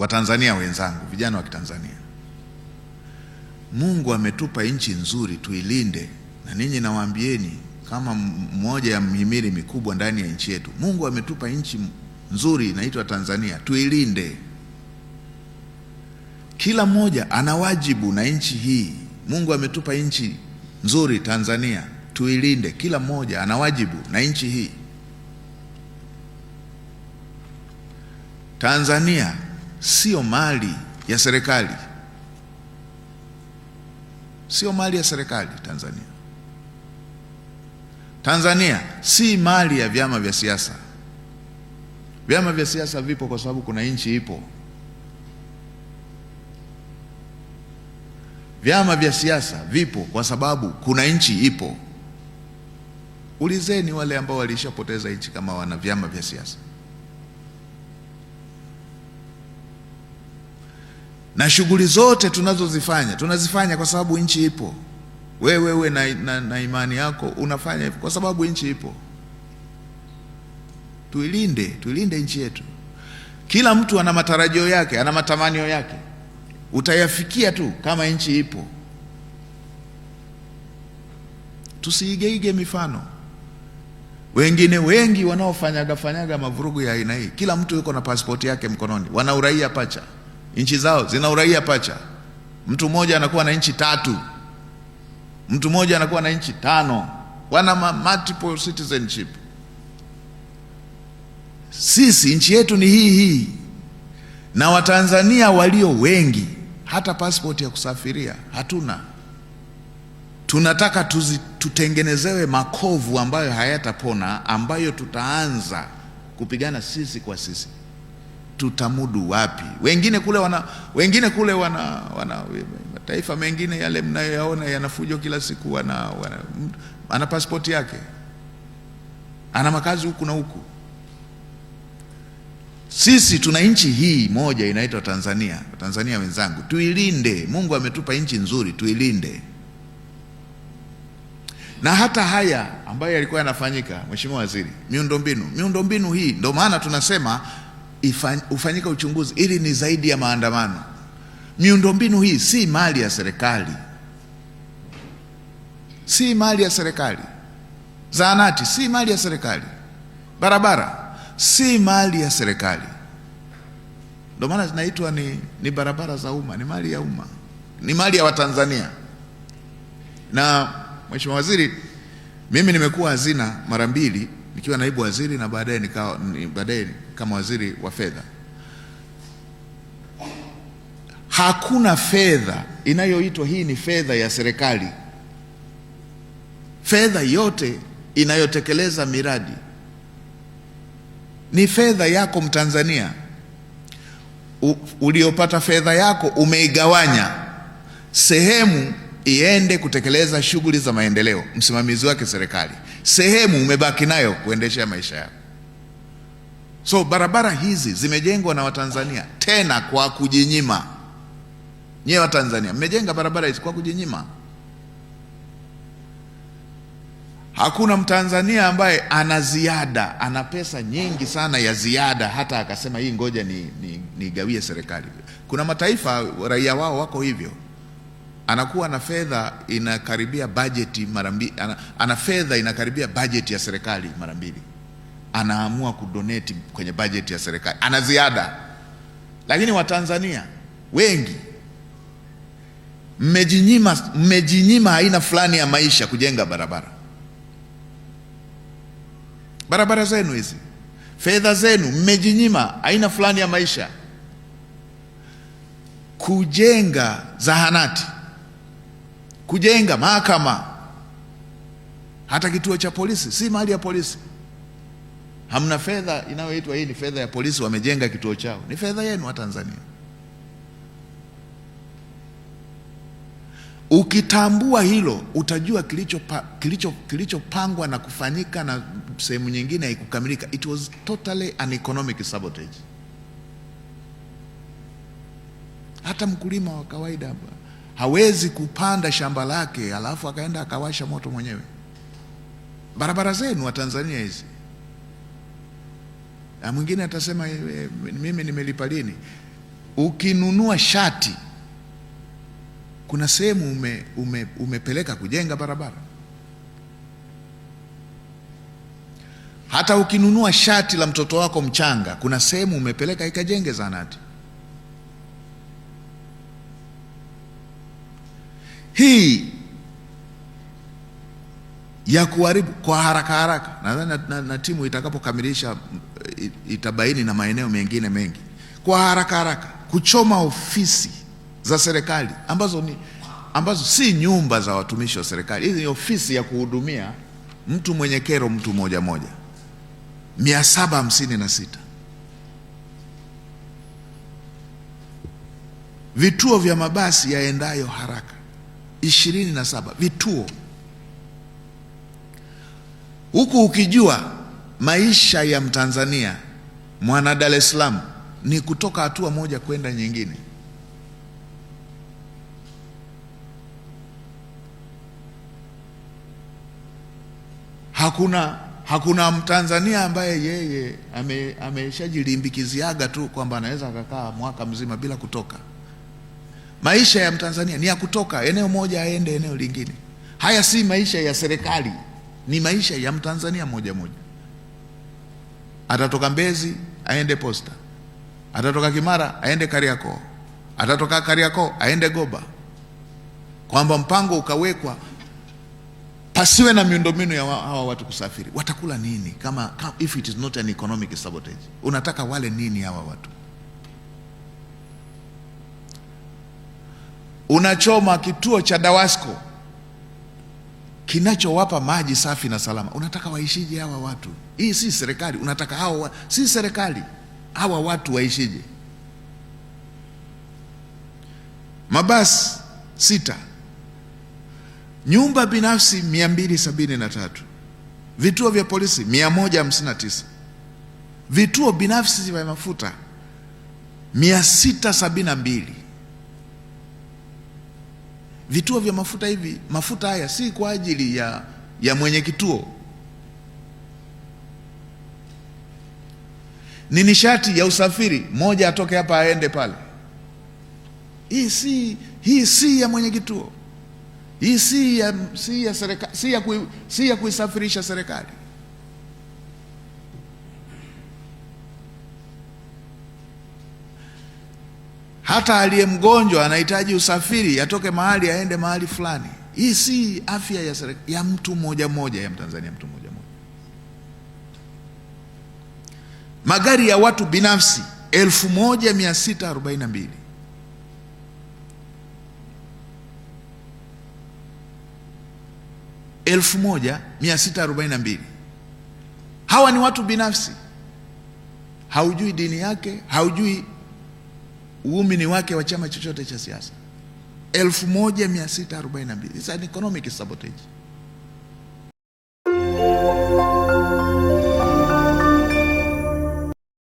Watanzania wenzangu, vijana wa Kitanzania, Mungu ametupa nchi nzuri, tuilinde. Na ninyi nawaambieni kama mmoja ya mhimili mikubwa ndani ya nchi yetu, Mungu ametupa nchi nzuri inaitwa Tanzania, tuilinde. Kila mmoja ana wajibu na nchi hii. Mungu ametupa nchi nzuri Tanzania, tuilinde. Kila mmoja ana wajibu na nchi hii Tanzania sio mali ya serikali, sio mali ya serikali Tanzania. Tanzania si mali ya vyama vya siasa. Vyama vya siasa vipo kwa sababu kuna nchi ipo. Vyama vya siasa vipo kwa sababu kuna nchi ipo. Ulizeni wale ambao walishapoteza nchi kama wana vyama vya siasa. na shughuli zote tunazozifanya tunazifanya kwa sababu nchi ipo. Wewe we, na, na, na imani yako unafanya hivyo kwa sababu nchi ipo. Tuilinde, tuilinde nchi yetu. Kila mtu ana matarajio yake, ana matamanio yake, utayafikia tu kama nchi ipo. Tusiigeige mifano wengine wengi wanaofanyaga fanyaga mavurugu ya aina hii. Kila mtu yuko na pasipoti yake mkononi, wana uraia pacha nchi zao zina uraia pacha. Mtu mmoja anakuwa na nchi tatu, mtu mmoja anakuwa na nchi tano, wana multiple citizenship. Sisi nchi yetu ni hii hii, na Watanzania walio wengi hata passport ya kusafiria hatuna. Tunataka tuzi, tutengenezewe makovu ambayo hayatapona, ambayo tutaanza kupigana sisi kwa sisi tutamudu wapi? Wengine kule wana wengine kule wana, wana mataifa mengine yale mnayoyaona yanafujo kila siku, wana, wana, ana pasipoti yake, ana makazi huku na huku. Sisi tuna nchi hii moja inaitwa Tanzania. Tanzania wenzangu, tuilinde. Mungu ametupa nchi nzuri, tuilinde. Na hata haya ambayo yalikuwa yanafanyika, Mheshimiwa Waziri, miundombinu, miundombinu hii ndio maana tunasema hufanyika uchunguzi. ili ni zaidi ya maandamano. Miundombinu hii si mali ya serikali, si mali ya serikali. Zahanati si mali ya serikali, barabara si mali ya serikali. Ndio maana zinaitwa ni, ni barabara za umma, ni mali ya umma, ni mali ya Watanzania. Na Mheshimiwa Waziri, mimi nimekuwa hazina mara mbili nikiwa naibu waziri na baadaye nikawa baadaye kama waziri wa fedha. Hakuna fedha inayoitwa hii ni fedha ya serikali. Fedha yote inayotekeleza miradi ni fedha yako Mtanzania. U, uliopata fedha yako umeigawanya sehemu iende kutekeleza shughuli za maendeleo, msimamizi wake serikali sehemu umebaki nayo kuendeshea maisha yako. So barabara hizi zimejengwa na Watanzania tena kwa kujinyima. nyie Watanzania mmejenga barabara hizi kwa kujinyima. Hakuna Mtanzania ambaye ana ziada, ana pesa nyingi sana ya ziada, hata akasema hii ngoja nigawie ni serikali. Kuna mataifa raia wao wako hivyo anakuwa na fedha inakaribia bajeti mara mbili, ana, ana fedha inakaribia bajeti ya serikali mara mbili, anaamua kudonate kwenye bajeti ya serikali, ana ziada. Lakini Watanzania wengi mmejinyima, mmejinyima aina fulani ya maisha kujenga barabara, barabara zenu hizi, fedha zenu, mmejinyima aina fulani ya maisha kujenga zahanati kujenga mahakama, hata kituo cha polisi si mali ya polisi. Hamna fedha inayoitwa hii ni fedha ya polisi, wamejenga kituo chao, ni fedha yenu wa Tanzania. Ukitambua hilo utajua kilichopangwa kilicho, kilichopangwa na kufanyika na sehemu nyingine haikukamilika. It was totally an economic sabotage. Hata mkulima wa kawaida hapa hawezi kupanda shamba lake alafu akaenda akawasha moto mwenyewe. Barabara zenu wa Tanzania hizi. Na mwingine atasema eh, eh, mimi nimelipa lini? Ukinunua shati kuna sehemu ume, ume, umepeleka kujenga barabara. Hata ukinunua shati la mtoto wako mchanga kuna sehemu umepeleka ikajenge zahanati. hii ya kuharibu kwa haraka haraka, nadhani na, na, na timu itakapokamilisha eh, itabaini na maeneo mengine mengi, kwa haraka haraka kuchoma ofisi za serikali ambazo ni ambazo si nyumba za watumishi wa serikali. Hizi ni ofisi ya kuhudumia mtu mwenye kero, mtu moja moja, mia saba hamsini na sita vituo vya mabasi yaendayo haraka ishirini na saba vituo huku, ukijua maisha ya Mtanzania mwana Dar es Salaam ni kutoka hatua moja kwenda nyingine. Hakuna, hakuna Mtanzania ambaye yeye ameshajilimbikiziaga ame tu kwamba anaweza akakaa mwaka mzima bila kutoka. Maisha ya Mtanzania ni ya kutoka eneo moja aende eneo lingine. Haya si maisha ya serikali, ni maisha ya Mtanzania moja moja. Atatoka Mbezi aende Posta, atatoka Kimara aende Kariakoo, atatoka Kariakoo aende Goba, kwamba mpango ukawekwa pasiwe na miundombinu ya hawa watu kusafiri. Watakula nini kama, kama if it is not an economic sabotage? Unataka wale nini hawa watu? unachoma kituo cha Dawasco kinachowapa maji safi na salama. Unataka waishije hawa watu? Hii si serikali, unataka hawa si serikali, hawa watu waishije? Mabasi sita, nyumba binafsi 273, vituo vya polisi 159, vituo binafsi vya mafuta 672 vituo vya mafuta hivi, mafuta haya si kwa ajili ya, ya mwenye kituo, ni nishati ya usafiri, moja atoke hapa aende pale. Hii si, hii si ya mwenye kituo, hii si ya, si ya, serikali, si ya, kui, si ya kuisafirisha serikali. Hata aliye mgonjwa anahitaji usafiri atoke mahali aende mahali fulani. Hii si afya ya, ya mtu mmoja mmoja, ya Mtanzania mtu mmoja mmoja. Magari ya watu binafsi 1642 1642 hawa ni watu binafsi. Haujui dini yake, haujui uumini wake wa chama chochote cha siasa 1642. It's an economic sabotage.